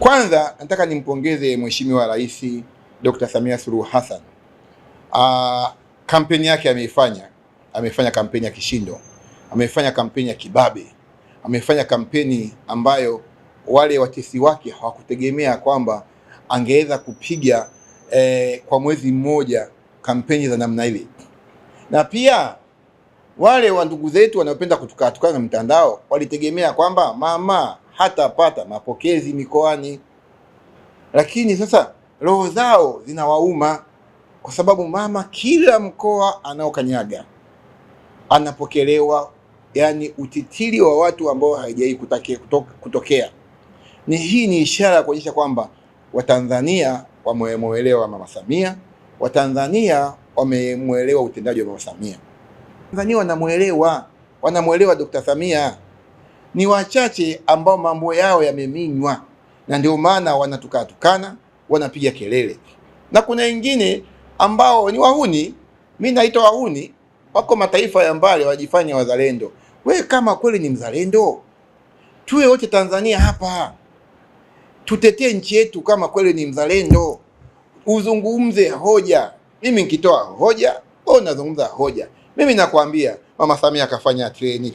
Kwanza nataka nimpongeze Mheshimiwa Rais Dr. Samia Suluhu Hassan. Ah, kampeni yake ameifanya, amefanya kampeni ya kishindo, amefanya kampeni ya kibabe, amefanya kampeni ambayo wale watesi wake hawakutegemea kwamba angeweza kupiga eh, kwa mwezi mmoja kampeni za namna ile, na pia wale wa ndugu zetu wanaopenda kutukatukana na mtandao walitegemea kwamba mama hatapata mapokezi mikoani. Lakini sasa roho zao zinawauma, kwa sababu mama kila mkoa anaokanyaga anapokelewa, yani utitili wa watu ambao haijai kutoke, kutokea. Ni hii ni ishara ya kuonyesha kwamba Watanzania wamemwelewa mama Samia, Watanzania wamemwelewa utendaji wa mama Samia, Tanzania wanamwelewa, wanamwelewa Dr. Samia ni wachache ambao mambo yao yameminywa, na ndio maana wanatukatukana, wanapiga kelele, na kuna wengine ambao ni wahuni. Mimi naitwa wahuni, wako mataifa ya mbali wajifanya wazalendo. We kama kweli ni mzalendo, tuwe wote Tanzania hapa tutetee nchi yetu. Kama kweli ni mzalendo, uzungumze hoja. Mimi nikitoa hoja, wewe unazungumza hoja. Mimi nakwambia Mama Samia akafanya treni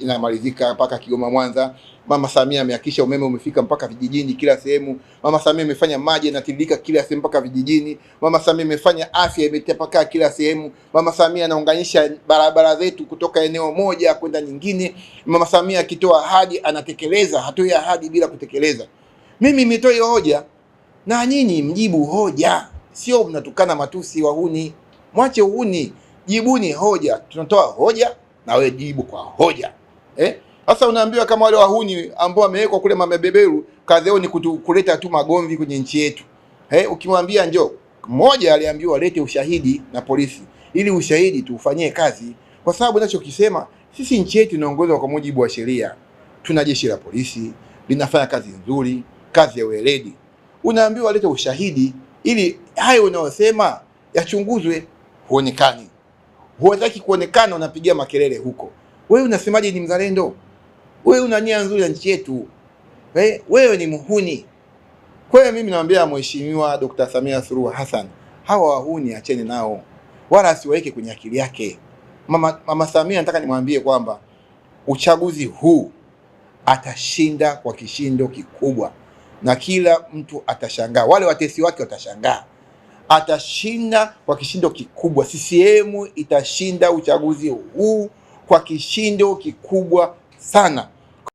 inamalizika mpaka Kigoma Mwanza. Mama Samia amehakikisha umeme umefika mpaka vijijini kila sehemu. Mama Samia amefanya maji yanatiririka kila sehemu mpaka vijijini. Mama Samia amefanya afya imetapakaa kila sehemu. Mama Samia anaunganisha barabara zetu kutoka eneo moja kwenda nyingine. Mama Samia akitoa ahadi anatekeleza, hatoi ahadi bila kutekeleza. Mimi nimetoi hoja na nyinyi mjibu hoja, sio mnatukana matusi, wahuni. Mwache uhuni jibuni hoja, tunatoa hoja na wewe jibu kwa hoja eh? Sasa unaambiwa kama wale wahuni ambao wamewekwa kule mabeberu, kazi yao ni kuleta tu magomvi kwenye nchi yetu eh? Ukimwambia njoo, mmoja aliambiwa alete ushahidi na polisi, ili ushahidi tuufanyie kazi, kwa sababu nachokisema sisi, nchi yetu inaongozwa kwa mujibu wa sheria. Tuna jeshi la polisi linafanya kazi nzuri, kazi ya weledi. Unaambiwa alete ushahidi ili hayo unayosema yachunguzwe, huonekani huwezaki kuonekana, unapigia makelele huko. Wewe unasemaje ni mzalendo? Wewe una nia nzuri ya nchi yetu, eh, wewe ni muhuni. Kwa hiyo mimi naambia Mheshimiwa Dr. Samia Suluhu Hassan, hawa wahuni acheni nao, wala asiwaweke kwenye akili yake. Mama, Mama Samia nataka nimwambie kwamba uchaguzi huu atashinda kwa kishindo kikubwa, na kila mtu atashangaa, wale watesi wake watashangaa atashinda kwa kishindo kikubwa. CCM itashinda uchaguzi huu kwa kishindo kikubwa sana.